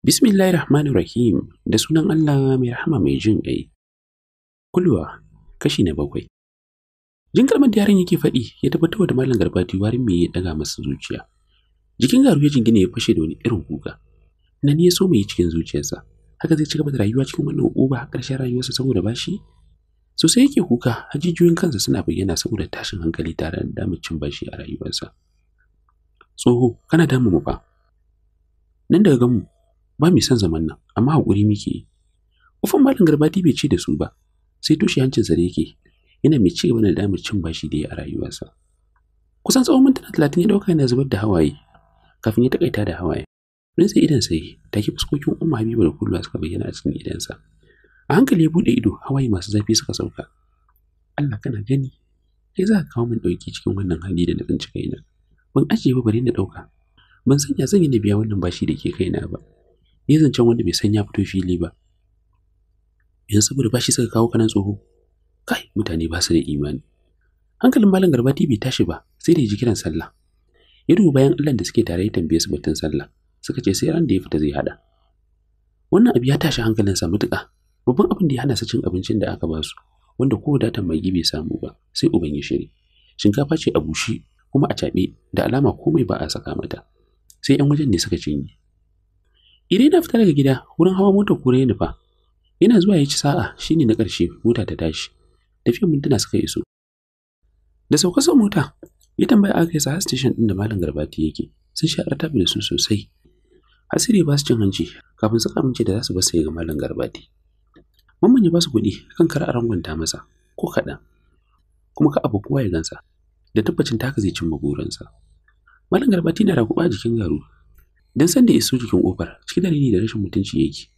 Bismillahir Rahmanir Rahim da sunan Allah mai rahama mai jin ƙai. Kulwa kashi na bakwai. Jin kalmar da yaron yake faɗi ya tabbatar da Malam Garbati warin me ya ɗaga masa zuciya. Jikin garu ya jingina ya fashe da wani irin kuka. Nan ya so mai cikin zuciyarsa. Haka zai ci gaba da rayuwa cikin wannan uba har ƙarshen rayuwarsa saboda bashi? sai yake kuka, hajijiyoyin kansa suna bayyana saboda tashin hankali tare da damar cin bashi a rayuwarsa. Tsoho, kana damu mu ba. Nan daga gamu, ba mai son zaman nan, amma haƙuri muke yi. Ufan Malam Garbati bai ce da su ba, sai toshe hancinsa da yake, yana mai ci gaba da damar cin bashi da ya a rayuwarsa. Kusan tsawon mintuna talatin ya dauka yana zubar da hawaye, kafin ya takaita da hawaye. Rinsa idan sai, take fuskokin Umma Habiba da Kulwa suka bayyana a cikin idansa. a hankali ya buɗe ido hawaye masu zafi suka sauka Allah kana gani sai za ka kawo min ɗauki cikin wannan hali da na tsinci kaina ban ajiye ba bari na ɗauka ban sanya zan yi na biya wannan bashi da ke kaina ba ni zancen wanda bai san fito fili ba yanzu saboda bashi suka kawo kanan tsoho kai mutane ba su da imani hankalin malam garbati bai tashi ba sai da ya ji kiran sallah ya duba bayan Allah da suke tare ya tambaye su batun sallah suka ce sai ran da ya fita zai haɗa. wannan abu ya tashi hankalinsa matuƙa babban abin da ya hana su cin abincin da aka ba su wanda ko da magi bai samu ba sai uban ya shiri shinkafa ce a bushi kuma a caɓe da alama komai ba a saka mata sai yan wajen ne suka cinye idan na fita daga gida wurin hawa motar kura ya nufa yana zuwa ya ci sa'a shine na ƙarshe mota ta tashi tafiyar mintuna suka iso da sauka sa mota ya tambaya aka yi sa station ɗin da malam garbati yake sun sha artabi da su sosai hasiri ba su cin hanci kafin su amince da za su basa ga malam garbati Mamman ya ba su kuɗi kan kar a rangwanta masa ko kaɗan. Kuma ka abu kowa ya gansa da tabbacin taka zai cimma burinsa. Malam Garbati na rakuɓa jikin garu dan san da iso jikin kofar cikin dalili da rashin mutunci yake.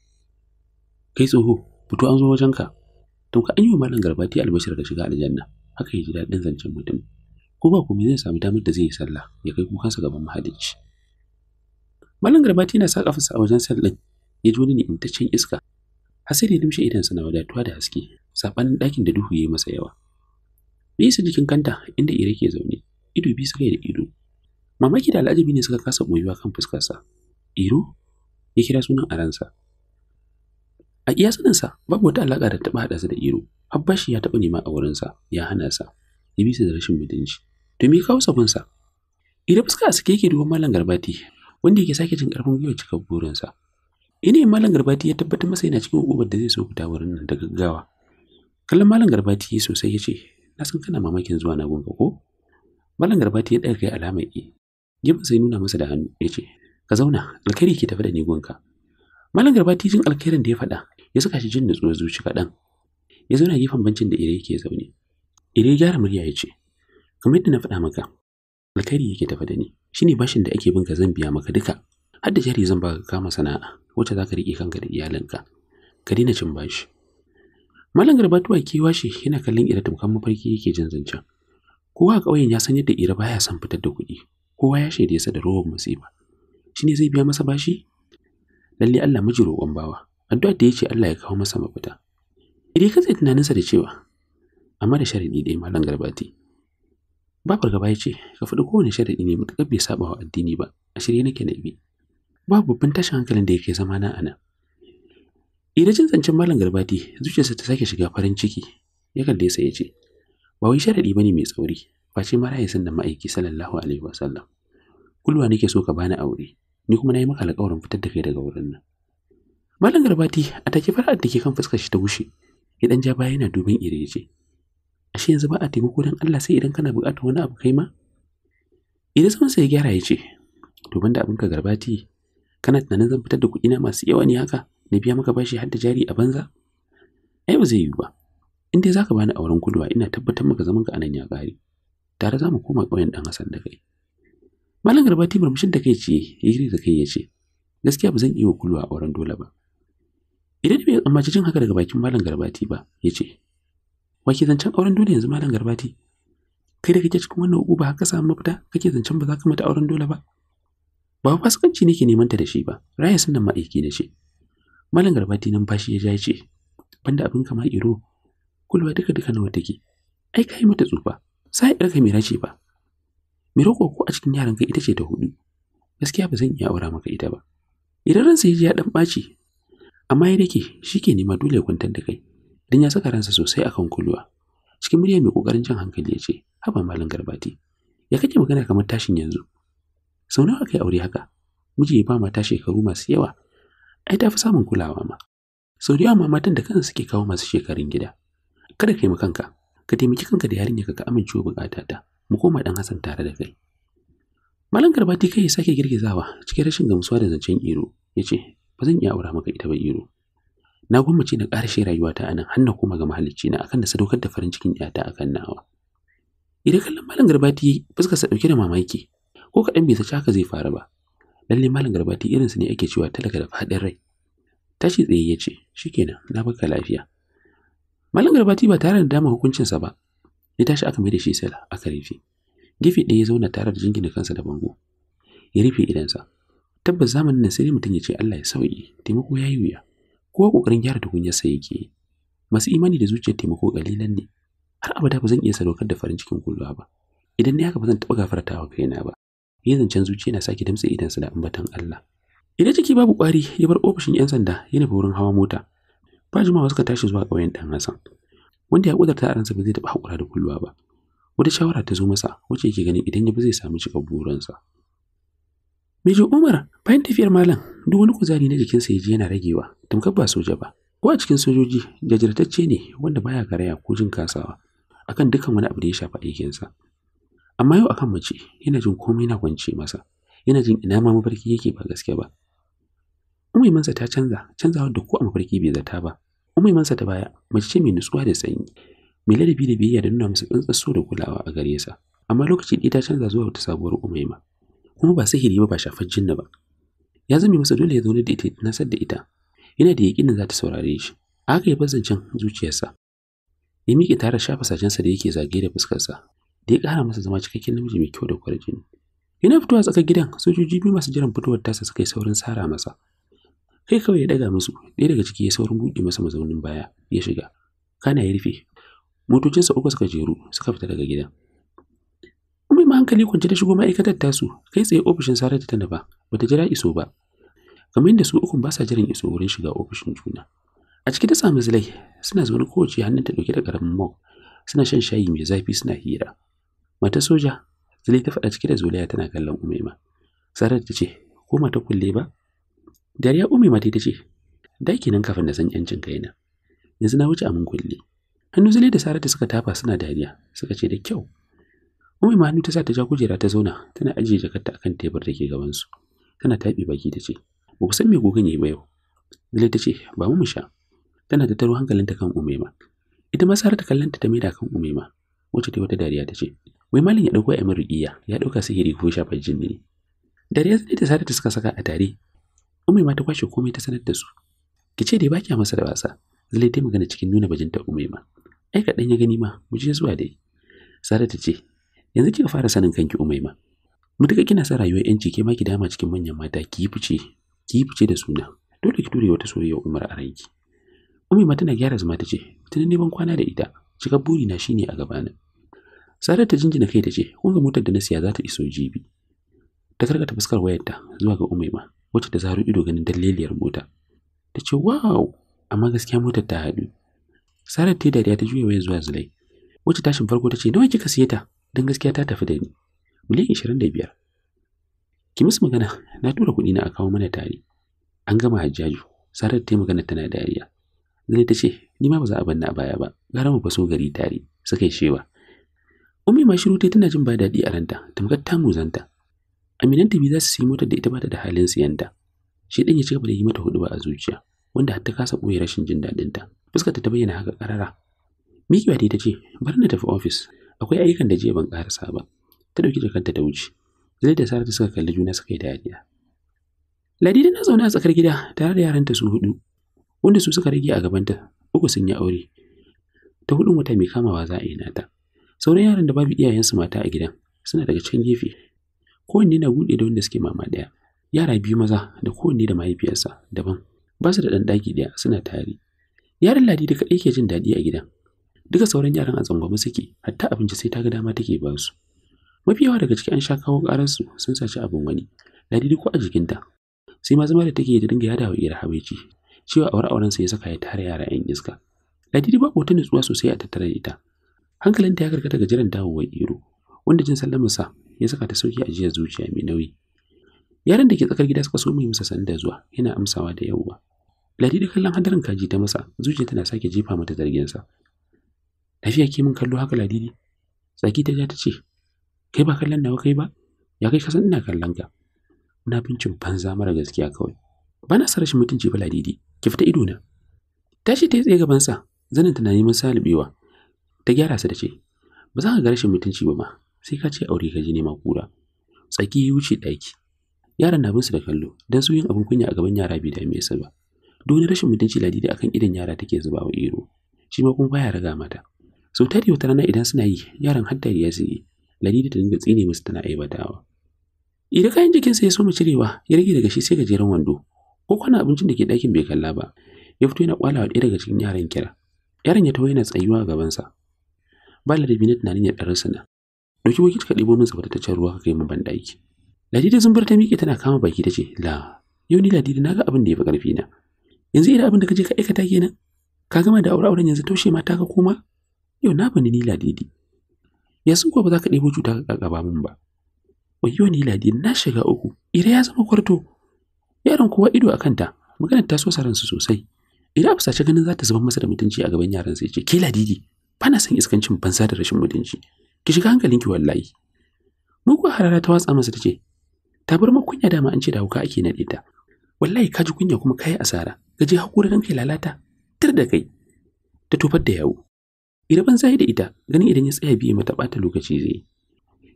Kai tsoho, fito an zo wajenka. To ka an yi wa Malam Garbati albashir da shiga aljanna. Haka ya ji daɗin zancen mutum. Ko ba kuma zai samu damar da zai yi sallah ya kai kansa gaban mahalicci. Malam Garbati na sa kafarsa a wajen sallin ya ji wani ni'intaccen iska Hassan ya dumshe idansa na wadatuwa da haske saɓanin ɗakin da duhu ya yi masa yawa nesa jikin kanta inda ire ke zaune ido biyu suka yi da ido mamaki da al'ajabi ne suka kasa ɓoyuwa kan fuskarsa iro ya kira sunan a ransa a iya saninsa babu wata alaƙa da taɓa haɗa da iro shi ya taɓa nema a wurinsa ya hana sa ya bi da rashin mutunci to me kawo sa. iro fuska a sake yake duban malam garbati wanda yake sake jin ƙarfin gwiwa cika burinsa yanayin malam garbati ya tabbatar masa yana cikin hukumar da zai so fita wurin nan da gaggawa kallon malam garbati sosai ya ce na san kana mamakin zuwa na gunka ko malam garbati ya ɗaga kai alamar e gefen sai nuna masa da hannu ya ce ka zauna alkhairi ke tafi da ni gunka malam garbati jin alkhairin da ya faɗa ya saka shi jin nutsuwar zuci kaɗan ya zauna gefen bancin da ire yake zaune ire gyara murya ya ce kamar yadda na faɗa maka alkhairi yake tafi da ni shine bashin da ake bin ka zan biya maka duka har da jari zan baka kama sana'a wacce za ka riƙe kanka da iyalinka ka daina cin bashi malam garbatuwa kewa shi yana kallon ira tamkar mafarki yake jin zancen kowa a ƙauyen ya san yadda ira baya san fitar da kuɗi kowa ya shaida sa da rowan masifa shi ne zai biya masa bashi lalle Allah miji roƙon bawa addu'a da yace Allah ya kawo masa mafita Iri ka tsaye tunaninsa da cewa amma da sharadi ɗaya malam garbati babar gaba ya ce ka faɗi kowane sharadi ne matuƙar bai saɓa wa addini ba a shirye nake na biyu babu babban tashin hankalin da yake zama na ana nan jin zancen malam garbati zuciyarsa ta sake shiga farin ciki ya kalle sa ya ce ba wai sharadi bane mai tsauri face mara ya san da ma'aiki sallallahu alaihi wasallam kulwa nake so ka bani aure ni kuma na yi maka alƙawarin fitar da kai daga wurin nan malam garbati a take fara'ar da ke kan fuskar shi ta gushe ya dan ja baya yana dubin ire ya ce ashe yanzu ba a taimako don Allah sai idan kana buƙatar wani abu kai ma idan sun sai gyara ya ce to banda abin ka garbati kana tunanin zan fitar da kuɗi na masu yawa ne haka na biya maka bashi har da jari a banza ai ba zai yiwu ba in dai zaka bani auren kuduwa ina tabbatar maka zaman ka anan ya ƙare tare za mu koma ƙauyen dan Hassan da kai malam garba timar da kai ce yiri da kai ya ce gaskiya ba zan iya kuduwa auren dole ba idan bai tsammaci jin haka daga bakin malam garbati ba ya ce wake zancen auren dole yanzu malam garbati kai da kake cikin wannan uku ba haka samu mafita kake zancen ba za ka mata auren dole ba ba fasikanci nake neman ta da shi ba raya sunan ma'aiki da shi malam garbati nan fashi ya jace banda abin kama iro kulwa duka duka nawa take ai kai mata tsufa sai ka mira ce ba mira ko a cikin yaran ka ita ce ta hudu gaskiya ba zan iya aura maka ita ba idan ransa ya ji ya dan baci amma ya dake shi ke nema dole kwantar da kai dan ya saka ransa sosai akan kulwa cikin murya mai kokarin jan hankali ya ce haba malam garbati ya kake magana kamar tashin yanzu sau nawa aka yi aure haka miji ya ba mata shekaru masu yawa ai ta fi samun kulawa ma sau da yawa ma matan da kansu suke kawo masu shekarun gida kada ka yi kanka ka taimaki kanka da yarinya ka amincewa bukata ta mu koma dan Hassan tare da kai Malam Garbati kai ya sake girgizawa cikin rashin gamsuwa da zancen Iro, ya ce, Ba zan iya aura maka ita ba Iro. Na gwammace na ƙarashe rayuwata a nan hannu kuma ga mahalicci na akan da sadaukar da farin cikin ƴata akan nawa. Idan kallon Malam Garbati fuskarsa ɗauke da mamaki, ko kaɗan bai sace haka zai faru ba lalle malam Garba irin su ne ake cewa talaka da faɗin rai tashi tsaye ya ce shi shikenan na baka lafiya malam Garba ta ba tare da dama hukuncinsa ba ya tashi aka mai da shi sala aka rufe gefe ɗaya ya zauna tare da jingina kansa da bango ya rufe idansa tabbas zamanin nan sai mutum ya ce Allah ya sauki taimako ya yi wuya kowa kokarin gyara tukunyarsa yake masu imani da zuciyar taimako kalilan ne har abada ba zan iya sadaukar da farin cikin kulluwa ba idan ne haka ba zan taɓa gafartawa kaina ba yi zancen zuci na sake damtse sa da ambatan Allah. Idan take babu kwari ya bar ofishin 'yan sanda ya burin wurin hawa mota. Ba wasu suka tashi zuwa ƙauyen ɗan Hassan. Wanda ya ƙudurta a ransa ba zai taɓa haƙura da kulluwa ba. Wata shawara ta zo masa wace yake ganin idan ya zai samu cika Me Mejo Umar bayan tafiyar malam duk wani kuzari na jikinsa ya ji yana ragewa tamkar ba soja ba. Ko a cikin sojoji jajirtacce ne wanda baya karaya ko jin kasawa akan dukkan wani abu da ya shafi aikinsa. amma yau akan mace yana jin komai na kwance masa yana jin ina ma mafarki yake ba gaske ba mansa ta canza canzawa da ko a mafarki bai zata ba mansa ta baya mace ce mai nutsuwa da sanyi mai ladabi da biyayya da nuna masa tsantsar so da kulawa a gare sa amma lokaci ɗaya ta canza zuwa wata sabuwar umaima kuma ba sihiri ba ba shafar jinna ba ya zame masa dole ya zo ne da ita na da ita yana da yaƙinin za ta saurare shi a aka ya bazancin zuciyarsa ya miƙe tare shafa sajensa da yake zage da fuskarsa da ya kara masa zama cikakken namiji mai kyau da jini Yana fitowa tsakar gidan sojoji biyu masu jiran fitowar tasa suka yi saurin sara masa. Kai kawai ya daga musu ɗaya daga ciki ya saurin buɗe masa mazaunin baya ya shiga. Kana ya rufe. Motocinsa uku suka jeru suka fita daga gidan. Umi ma hankali kwance ta shigo ma'aikatar tasu kai tsaye ofishin sarar ta Ba bata jira iso ba. Kamar yadda su ukun ba sa jiran iso wurin shiga ofishin juna. A ciki ta samu zilai suna zaune kowace hannun ta ɗauke da ƙaramin mok suna shan shayi mai zafi suna hira. Mata soja, zai ta faɗa cike da zuliya tana kallon Umaima. Sarar ta ce, ko mata kulle ba? Dariya Umaima ta ce, daki nan kafin da san yancin na?" Yanzu na wuce amin kulle. Hannu Zule da Sarar ta suka tafa suna dariya, suka ce da kyau. Umaima hannu ta sa ta ja kujera ta zauna, tana ajiye jakarta akan tebur da ke gabansu. Tana taɓi baki ta ce, ba ku san me gogon yayi ba yau. Zule ta ce, ba mu mu sha. Tana taro hankalinta kan Umaima. Ita ma Sarar ta kallanta ta maida kan Umaima, wacce ta wata dariya ta ce, wai malin ya dauko Amir rigiya ya dauka sihiri ko shafa jinni ne ya ya ta suka saka a tare umai ma ta kwashe komai ta sanar da su ki ce dai baki masa da wasa zalai ta magana cikin nuna bajinta Ummi ma ai ka dan ya gani ma mu je zuwa dai Saratu ta ce yanzu kika fara sanin kanki Ummi ma mu duka kina son rayuwar yanci ke ma ki dama cikin manyan mata ki yi fice ki yi fice da suna dole ki ture wata soyayya Umar a ranki Ummi ma tana gyara zama ta ce tunan neman kwana da ita cika burina shine a gabanin. Sarar ta jinjina kai ta ce, "Kun ga motar da na siya za ta iso jibi." Ta karkata fuskar wayarta zuwa ga Umaima, wacce ta zaro ido ganin dalleliyar mota. Ta ce, "Wow!" Amma gaskiya motar ta haɗu. Sarar ta dariya ta juya wayar zuwa Zulai, wacce tashin farko ta ce, "Nawa kika siye ta?" Dan gaskiya ta tafi da ni. Miliyan 25. Ki musu magana, na tura kuɗi na a kawo mana tare. An gama Hajjaju, Sarar ta yi magana tana dariya. Zulai ta ce, "Ni ma ba za a bar a baya ba, gara mu faso gari tare." Suka yi shewa. Ummi ma shiru tana jin ba daɗi a ranta, tamkar ta muzanta. Aminan biyu za su sayi motar da ita ba ta da halin siyanta. Shi ɗan ya ci gaba da yi mata ba a zuciya, wanda har ta kasa ɓoye rashin jin daɗinta. Fuskar ta ta bayyana haka ƙarara. ba ta ce, bari na tafi ofis, akwai ayyukan da jiya ban ƙarasa ba. Ta ɗauki jakarta ta wuce. Zai da Saratu suka kalli juna suka yi dariya. Ladida na zaune a tsakar gida tare da yaranta su hudu, wanda su suka rage a gabanta, uku sun yi aure. Ta hudun wata mai kamawa za a yi nata. sauran yaran da babu iyayensu mata a gidan suna daga can gefe kowanne na buɗe da wanda suke mama daya. yara biyu maza da kowanne da mahaifiyarsa daban ba su da ɗan ɗaki ɗaya suna tare yaran ladi da kaɗai ke jin daɗi a gidan duka sauran yaran a tsangwame suke hatta abinci sai ta ga dama take ba su mafi yawa daga ciki an sha kawo ƙararsu sun saci abin wani ladi ko a jikinta sai ma zama da take da dinga wa iyar habaici cewa aure auren sa ya saka ya tare yara yan iska Ladidi ba ta nutsuwa sosai a tattare da ita hankalinta ya karkata ga jiran dawowar iro wanda jin sa ya saka ta sauki a jiya zuciya mai nauyi yaran da ke tsakar gida suka so mai masa sanda zuwa yana amsawa da yawa. ladi da kallon hadarin kaji ta masa zuciya tana sake jefa mata zarginsa lafiya ke min kallo haka ladidi tsaki ta ja ta ce kai ba kallon nawa kai ba ya kai kasan ina kallon ka ina bincin banza mara gaskiya kawai Bana sa rashin mutunci ba ladidi ki fita ido na tashi ta yi tsaye gabansa zanin na neman salibewa ta gyara su da ce ba za ka ga rashin mutunci ba ma sai ka ce aure ka je nema kura tsaki ya wuce ɗaki yaran na bin su da kallo Don su yin abin kunya a gaban yara bai dame su ba duk rashin mutunci ladidi akan idan yara take zuba wa ido shi ma kuma baya raga mata sau tare wata rana idan suna yi yaran har ya su Ladi da ta dinga tsine musu tana aibatawa idan kayan jikinsa ya so mu cirewa ya rage daga shi sai gajeren wando ko kwana abincin da ke ɗakin bai kalla ba ya fito yana kwalawa ɗaya daga cikin yaran kira yaran ya tawo yana tsayuwa gabansa ba ladabi na tunanin ya su na Doki bokiti ka ɗebo min tsaftataccen ruwa ka kai min banɗaki ladida zumbar ta miƙe tana kama baki ta ce la yau ni ladida na ga abin da ya fi ƙarfi na yanzu idan abin da ka je ka aikata kenan ka gama da aure-auren yanzu taushe mata ka koma yau na bani ni ladidi ya sun kuwa ba za ka ɗebo cuta ka ƙaƙaba min ba wayyo ni ladidi na shiga uku ira ya zama kwarto yaron kowa ido a kanta maganar ta so saransu sosai idan a fusace ganin za ta zuba masa da mutunci a gaban yaran sai ce ke ladidi bana na son iskancin banza da rashin mutunci ki shiga hankalin ki wallahi mugu harara ta watsa masa tace ta bar kunya dama an ce da hauka ake nade ta wallahi ka ji kunya kuma kai asara gaje hakuri ranka lalata tir da kai ta tofar da yawo ira ban zai da ita ganin idan ya tsaya biye mata bata lokaci zai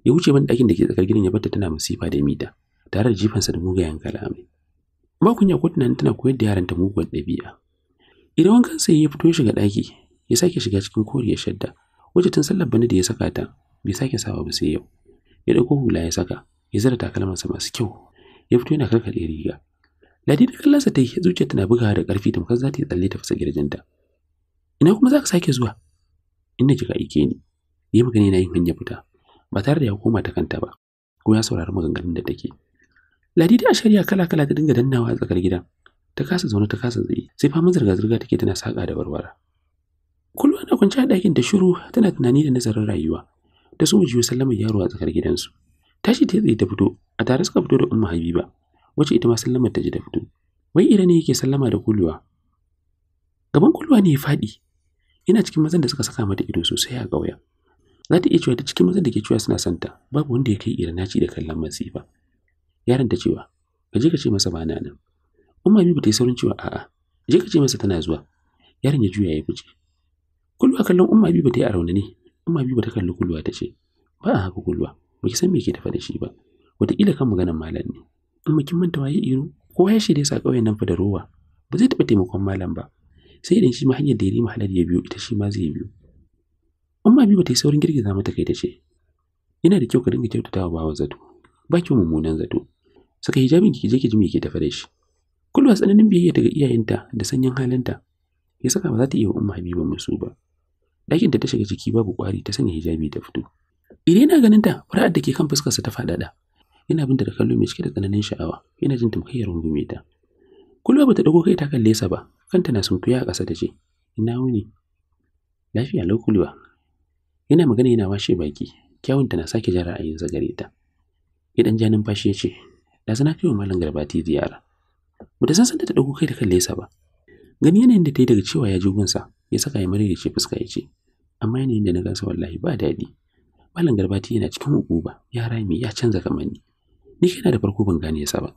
ya wuce ban dakin da ke tsakar gidan ya bata tana musifa da mita tare da jifan sa, da mugayen kalamai ba kunya ko tunanin tana koyar da yaranta muguwar ɗabi'a idan wankan sai ya fito shiga ɗaki ya sake shiga cikin koriyar shadda wacce tun sallar Bani da ya saka ta bai sake sawa ba sai yau ya dauko hula ya saka ya zara sa masu kyau ya fito yana karkaɗe riga ladi da sa ta yi zuciya tana bugawa da ƙarfi tamkar za ta yi tsalle ta fasa girjinta ina kuma za ka sake zuwa inda kika aike ni yi magana yana yin hanya fita ba tare da ya koma ta kanta ba ko ya saurari maganganun da take ladi da shari'a kala kala ta dinga dannawa a tsakar gidan ta kasa zaune ta kasa tsaye sai faman zirga zirga take tana saka da warwara Kullum ana kwance a ɗakin ta shiru tana tunani da nazarin rayuwa. da su jiyo sallamar yaro a tsakar gidansu. Tashi ta tsaye ta fito, a tare suka fito da Umma Habiba, wacce ita ma sallamar ta ji da fito. Wai ira ne yake sallama da kuluwa Gaban kulwa ne ya faɗi. Ina cikin mazan da suka saka mata ido sosai a ƙauya. Za ta iya cewa ta cikin mazan da ke cewa suna santa, babu wanda ya kai ira naci da kallon masifa. Yaron ta cewa, ka je ka ce masa ba nan. Umma Habiba ta yi saurin cewa a'a, je ka ce masa tana zuwa. Yaron ya juya ya fice. kulwa kallon umma biyu ba ta yi a raunani umma biyu ba ta kalli kulwa ta ce ba a haka kulwa ba ki san me ke tafa da shi ba wataƙila kan maganar malam ne in kin manta waye iro kowa ya shirya sa ƙauyen nan fa da rowa ba zai taɓa taimakon malam ba sai idan shi ma hanyar da ya rima halar ya biyo ita shi ma zai biyo umma biyu ba ta yi saurin girgiza mata kai ta ce yana da kyau ka dinga kyautata wa bawa zato ba kyau mummunan zato saka hijabin ki je ki ji me ke tafa da shi kulwa tsananin biyayya daga iyayenta da sanyin halinta ya saka ba za ta iya wa umma habiba musu ba Ɗakin da ta shiga ciki babu ƙwari ta sanya hijabi ta fito. Idan yana ganin ta, fara'ar da ke kan fuskarsa ta faɗaɗa. Yana binta da kallo mai cike da tsananin sha'awa, yana jin tamkayyar rungume ta. ba bata dago kai ta kalle sa ba, kanta na sunkuya a ƙasa ta ce, "Ina wuni?" Lafiya lau kulwa. Yana magana yana washe baki, kyawunta na sake jara a gare ta. Ya ɗan ja numfashi ya ce, "Da sana kai wa Malam Garbati ziyara." Bata san sanda ta dago kai ta kalle sa ba. Gani yanayin da ta yi daga cewa ya ji gunsa, ya saka ya mare shi fuska ya ce amma yanayin da na gasa wallahi ba daɗi malam garbati yana cikin hukuba ya rami, ya canza kamar ni kaina da farko ban gane yasa ba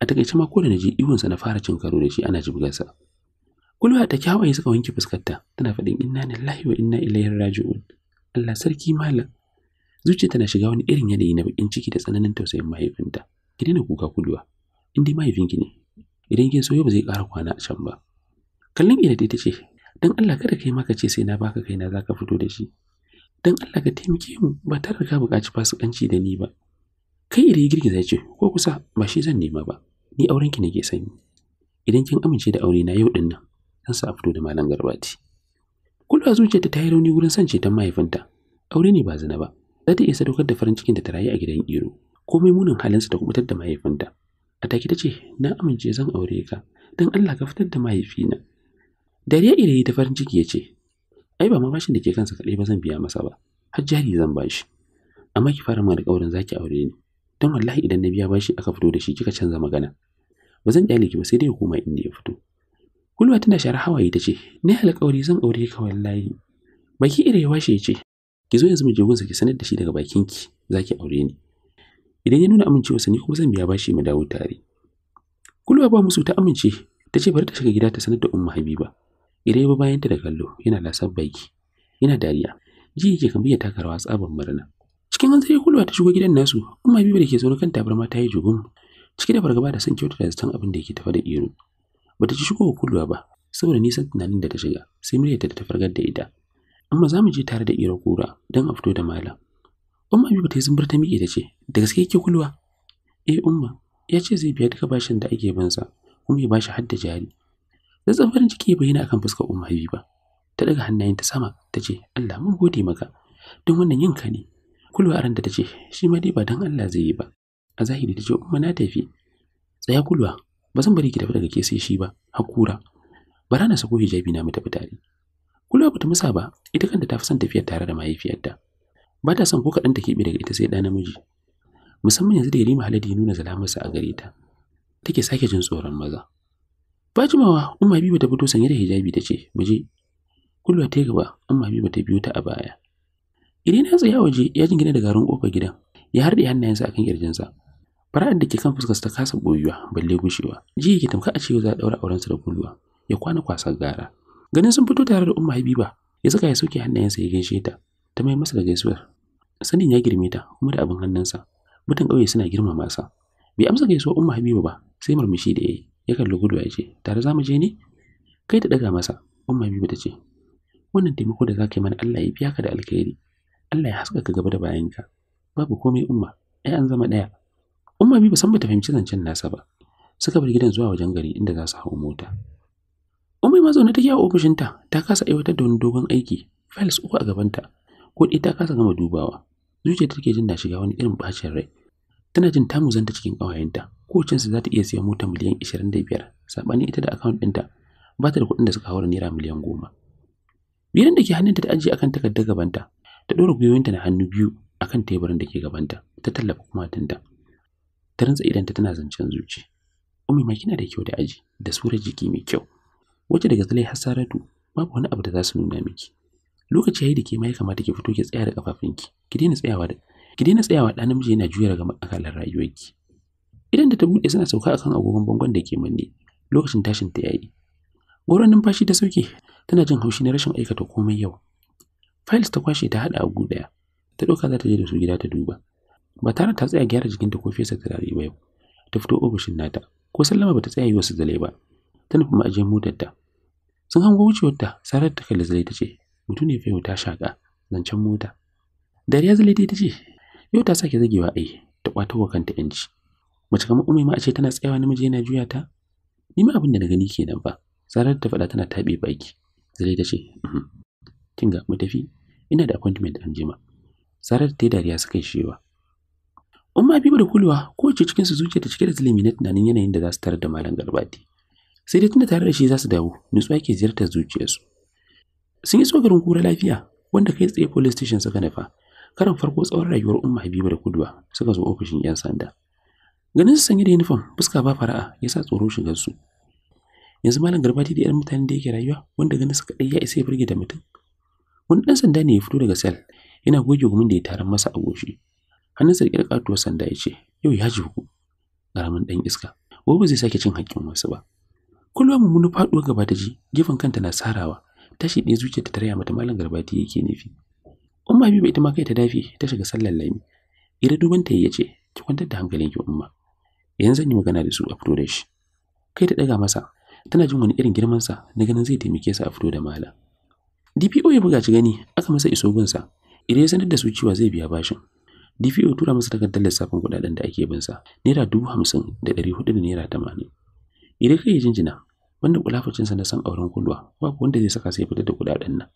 a takaice ma ko da iwon sa na fara cin karo da shi ana jibgarsa kulwa ta ya saka wanke fuskarta tana faɗin inna lillahi wa inna ilaihi raji'un Allah sarki malam zuciya tana shiga wani irin yanayi na bakin ciki da tsananin tausayin mahaifinta ki daina kuka kulwa in dai mahaifinki ne idan kin so yau ba zai ƙara kwana a can ba kallon ila ta ce dan Allah kada kai maka ce sai na baka kaina zaka fito da shi dan Allah ka taimake mu ba tare da ka buƙaci fasikanci da ni ba kai iri girgiza ce ko kusa ba shi zan nema ba ni auren ki nake sani idan kin amince da aure na yau din nan zan sa fito da malam garbati kulwa zuciyarta ta yi rauni wurin sance ceton mahaifinta aure ne ba zina ba za ta iya sadaukar da farin cikin da ta rayu a gidan iro komai munin halinsa ta kubutar da mahaifinta a take ta ce na amince zan aure ka don Allah ka fitar da mahaifina Dariya ire ta farin ciki ya ce, Ai, ba ma bashin da ke kansa kaɗai ba zan biya masa ba, har jari zan bashi. Amma ki fara mana da ƙaurin za ki aure ni, don wallahi idan na biya bashi aka fito da shi kika canza magana. Ba zan ƙyale ki ba sai dai ya koma inda ya fito. Kulwa tana share hawaye ta ce, Ni alƙawari zan aure ka wallahi. Baki iri ya washe ya ce, Ki zo yanzu mu je gunsa ki sanar da shi daga bakinki za ki aure ni. Idan ya nuna amincewarsa ni kuma zan biya bashi mu dawo tare. Kulwa ba musu ta amince ta ce bari ta shiga gida ta sanar da Umma Habiba. Ire ba bayanta da kallo yana lasar baki, yana dariya. Ji yake kan biya taka rawa murna. Cikin sai kulwa ta shigo gidan nasu, amma bibi da ke zaune kan tabarma ta yi jugum. Ciki da fargaba da son kyautata zaton abin da yake tafa da iro. Bata ci shigo kulwa ba, saboda nisan tunanin da ta shiga, sai muryarta ta fargar da ita. Amma za mu je tare da iro kura don a fito da malam. Umma bibi ta yi zumbur ta miƙe ta ce, "Da gaske yake kulwa?" "Eh Umma, ya ce zai biya duka bashin da ake bin sa, kuma ya bashi hadda jari." zazzan farin ciki bai yana kan fuskar Umma Habiba. Ta daga hannayen ta sama ta ce, Allah mun gode maka, don wannan yin ka ne. Kulwa aranta ta ce, shi ma dai ba don Allah zai yi ba. A zahiri ta ce, Umma na tafi. Tsaya kulwa, ba zan bari ki tafi daga ke sai shi ba, hakura. Bara na sako hijabi na mu tafi tare. Kulwa bata musa ba, ita kanta ta fi son tafiyar tare da mahaifiyarta. Ba ta son ko kaɗan ta keɓe daga ita sai ɗa namiji. Musamman yanzu da Yarima Haladu ya nuna zalamarsa a gare ta. Take sake jin tsoron maza. Ba jimawa Umma Habiba ta fito sanye da hijabi ta ce, "Mu je." Kulwa ta gaba, Umma Habiba ta biyo ta a baya. Idan ya tsaya waje ya jingina da garin kofar gidan, ya harda hannayensa akan kirjinsa. Fara'ar da ke kan fuskarsa ta kasa boyuwa balle gushewa. Ji yake tamka a cewa za a daura aurensa da kulwa, ya kwana kwasar gara. Ganin sun fito tare da Umma Habiba, ya saka ya sauke hannayensa ya gaishe ta, ta mai masa da gaisuwar. Sanin ya girme ta kuma da abin hannunsa. Mutan ƙauye suna girmama sa. Bai amsa gaisuwa Umma Habiba ba, sai murmushi da yayi. ya kalli gudu ya ce tare za mu je ne kai ta daga masa umma bibi ta ce wannan taimako da za ka yi mana Allah ya biya ka da alkhairi Allah ya haskaka gaba da bayanka babu komai umma ai an zama daya umma bibi san bata fahimci zancen nasa ba suka bar gidan zuwa wajen gari inda za su hau mota umma ma zaune take a ofishinta ta kasa aiwatar da wani dogon aiki files uku a gabanta ko ɗaya ta kasa gama dubawa zuciya take jin na shiga wani irin bacin rai tana jin ta muzanta cikin ƙawayenta ko kowacensu za ta iya siyan mota miliyan 25 saɓanin ita da akaunt ɗinta ba ta da kuɗin da suka haura naira miliyan goma biyan da ke hannunta ta ajiye akan takardar gabanta ta ɗora gwiwoyinta na hannu biyu akan teburin da ke gabanta ta tallafa kuma kumatinta ta rantsa idanta tana zancen zuci umi ma kina da kyau da aji da surar jiki mai kyau wacce daga zalai har saratu babu wani abu da za su nuna miki lokaci yayi da ke ma ya kamata ki fito ki tsaya da kafafunki ki daina tsayawa da ki daina tsayawa ɗan namiji yana juya daga akalar rayuwarki idan da ta buɗe suna sauka akan agogon bangon da ke manne lokacin tashin ta yayi goron numfashi ta sauke tana jin haushi na rashin aikata komai yau files ta kwashe ta haɗa agu ɗaya ta ɗauka za ta je da su gida ta duba ba tare ta tsaya gyara ta ko fesa ta rari ba yau ta fito ofishin nata ko sallama bata ta tsaya yi wasu zale ba ta nufi ma'ajiyar motarta sun hango ta sarar ta kalli zalai ta ce mutum ne fayo ta shaƙa zancen mota dariya zai ta ce Yau ta sake zagewa ai, ta kwato wa kanta yanci. Mace kamar Umai ma a ce tana tsayawa namiji yana juya ta? Ni ma abin da na gani kenan ba. Sarar ta faɗa tana taɓe baki. Zalai ta ce, uhm, "Kin ga mu tafi, ina da appointment an jima." zarar ta yi dariya suka yi shewa. Umma Habiba da Kulwa kowace cikin su ta cike da zulumi na tunanin yanayin da za su tarar da Malam Garbati. Sai dai tunda tare da shi za su dawo, nutsuwa ke ziyartar zuciyarsu. Sun yi garin kura lafiya, wanda kai tsaye police station suka nufa karan farko tsawon rayuwar umma habiba da Kuduwa suka zo ofishin yan sanda ganin su sanye da uniform fuska ba fara'a ya sa tsoro shigar su yanzu malam garbati da yan mutanen da yake rayuwa wanda ganin su kadai ya isa ya burge da mutum wani ɗan sanda ne ya fito daga sel yana goge gumin da ya tarar masa a goshi hannun sarki da katuwar sanda ya ce yau ya ji ku Ƙaramin dan iska gobe zai sake cin hakkin wasu ba kullum mun faduwa gaba ta ji gefen kanta na sarawa tashi ɗaya zuciyarta ta raya mata malam garbati yake nufi umma bibi ita ma kai ta dafi ta shiga sallar lami ira duban ta yace ki kwantar da hankalinki umma yanzu zan yi magana da su a fito da shi kai ta daga masa tana jin wani irin girman sa na ganin zai taimake sa a fito da mala DPO ya buga ci gani aka masa iso sa ira ya sanar da su cewa zai biya bashin DPO tura masa takardar lissafin kuɗaɗen da ake bin sa naira dubu hamsin da ɗari hudu da naira tamanin idan kai jinjina wanda kulafacinsa na san auren kulwa babu wanda zai saka sai fitar da kudaden nan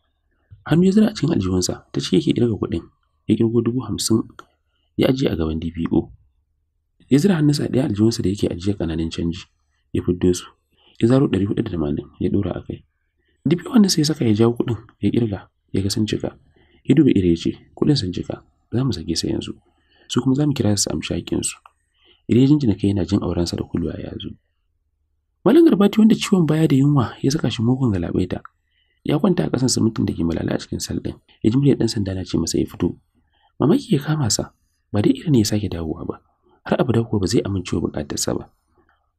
hannu ya zira a cikin aljihunsa ta ce yake kirga kuɗin ya kirgo dubu hamsin ya ajiye a gaban dpo ya zira hannunsa a ɗaya aljihunsa da yake ajiye kananan canji ya fiddo su ya zaro ɗari hudu da tamanin ya ɗora a kai dpo sai ya saka ya jawo kuɗin ya kirga ya ga sun cika ya duba ire ya ce kuɗin sun cika za mu sake sa yanzu su kuma za mu kira su amshi haƙƙinsu idan ya jinjina kai yana jin aurensa da kulwa ya zo Malam Garbati wanda ciwon baya da yunwa ya saka shi mugun galabaita ya kwanta a ƙasan simintin da ke malala a cikin salɗin. ɗin ya ji ɗan sanda na ce masa ya fito mamaki ya kama sa ba dai irin ya sake dawowa ba har abu da kuwa ba zai amince wa buƙatarsa ba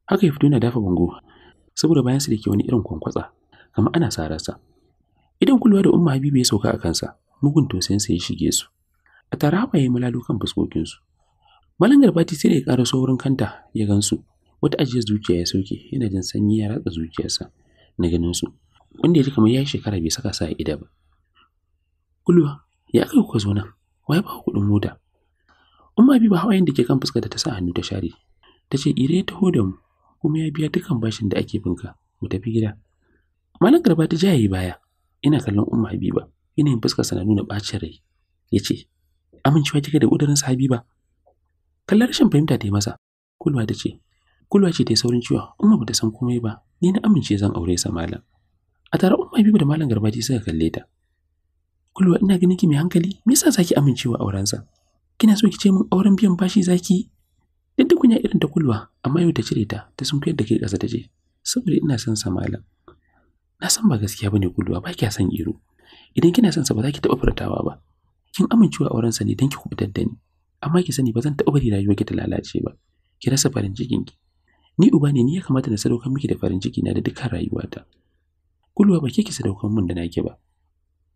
haka ya fito na dafa bango saboda bayan su da ke wani irin kwankwatsa kamar ana sararsa idan kulwa da umma habibu ya sauka a kansa mugun sa ya shige su a tara haɓa ya yi malalu kan fuskokinsu malam Bati sai da ya ƙara saurin kanta ya gansu wata ajiyar zuciya ya sauke yana jin sanyi ya ratsa zuciyarsa na ganin su wanda ya ji kamar ya yi shekara bai saka sa a ida ba. Kulwa, ya kai kuka zo nan, wa ya ba kuɗin mota? Umma bi ba hawayen da ke kan fuskar ta sa hannu ta share. Ta ce, Ire ya taho da mu, kuma ya biya dukkan bashin da ake binka, mu tafi gida. Malam Garba ta jaye baya, ina kallon Umma Habiba, yin fuskar sa na nuna ɓacin rai. Ya ce, Amincewa kika da ƙudurin sa Habiba? Kallon rashin fahimta ta yi masa, Kulwa ta ce, Kulwa ce ta yi saurin cewa, Umma ba ta san komai ba, ni na amince zan aure sa malam. a tare umma bibi da malam garbaji suka kalle ta kulwa ina ganin ki mai hankali me yasa zaki amincewa sa kina so ki ce min auren biyan bashi zaki duk da kunya irin ta kulwa amma yau ta cire ta ta sunkuyar da ke kasa ta je saboda ina son sa malam na san ba gaskiya bane kulwa ba kiya san iro idan kina son sa ba za ki furtawa ba kin amincewa auren sa ne don ki kubutar da ni amma ki sani ba zan taɓa bari rayuwar ki ta lalace ba ki rasa farin cikin ki ni uba ne ni ya kamata na sadaukar miki da farin ciki na da dukkan rayuwata kulwa ba ke ki sadaukan mun da nake ba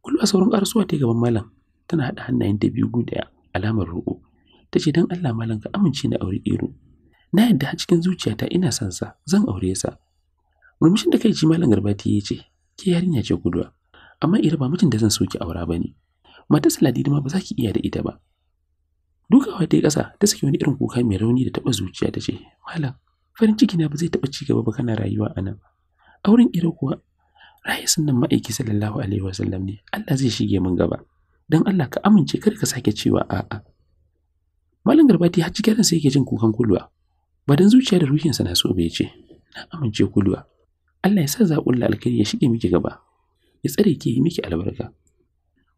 kulwa sauran karsuwa ta gaban malam tana haɗa hannayen da biyu guda alamar roƙo ta ce don Allah malam ka amince na aure iro na yadda a cikin zuciyata ina son sa zan aure sa murmushin da kai ji malam garbati ya ce ke yarinya ce kulwa. amma iri ba mutum da zan so aura ba ne matar saladidi ma ba za ki iya da ita ba dukawa ta yi ƙasa ta saki wani irin kuka mai rauni da taɓa zuciya ta ce malam farin ciki na ba zai taɓa ci gaba ba kana rayuwa a nan auren ira kuwa raye nan ma'aiki sallallahu alaihi wasallam ne Allah zai shige min gaba dan Allah ka amince kar ka sake cewa a'a Malam Garbati har cikin sai yake jin kukan kulwa badan zuciya da ruhin sa na so bai ce na amince kulwa Allah ya sa zaqul alkhairi ya shige miki gaba ya tsare ki yi miki albarka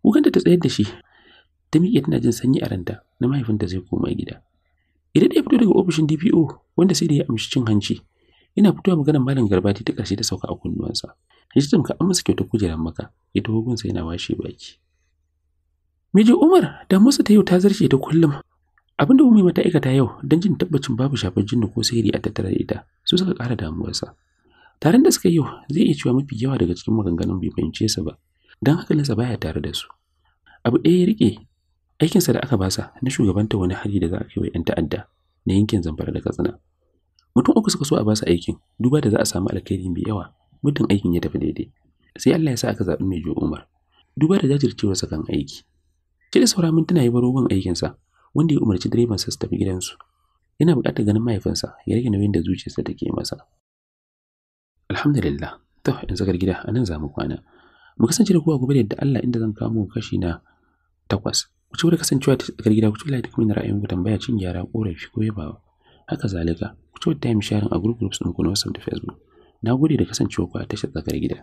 Uganda ta tsayar da shi ta miƙe tana jin sanyi a ranta na mahaifinta zai koma gida idan ya fito daga ofishin DPO wanda sai da ya amshi cin hanci yana fitowa maganar malam Garbati ta ƙarshe ta sauka a kunnuwansa ya ka amsa an masa kyauta maka ita hukunsa yana washe baki miji umar da musa ta yau ta zarce ta kullum abinda umi mata aikata yau don jin tabbacin babu shafar jinnu ko sihiri a tattare da ita su suka ƙara damuwarsa taron da suka yi yau zai iya cewa mafi yawa daga cikin maganganun bai fahimce su ba don hankalinsa baya tare da su abu ɗaya ya riƙe aikinsa da aka basa na shugabanta wani hari da za a kai wa 'yan ta'adda na yankin zamfara da katsina mutum uku suka so a basa aikin duba da za a samu alkhairi mai yawa muddin aikin ya tafi daidai sai Allah ya sa aka zaɓi mai jo Umar duba da sa kan aiki shi da saura mintuna yi barogon aikin sa wanda ya umarci direban sa su tafi gidansu yana buƙatar ganin mahaifinsa ya rage nauyin da zuciyarsa take masa alhamdulillah to in zakar gida anan za mu kwana mu kasance da kowa gobe da yadda Allah inda zan kamo kashi na takwas ku ci kasancewa ta tsakar gida ku ci da kuma ra'ayin ku tambaya cin gyara korafi ko yabawa haka zalika ku ci da yi sharing a group groups ɗin ku na WhatsApp da Facebook Na gode da kasancewa ku a tashar tsakar gida.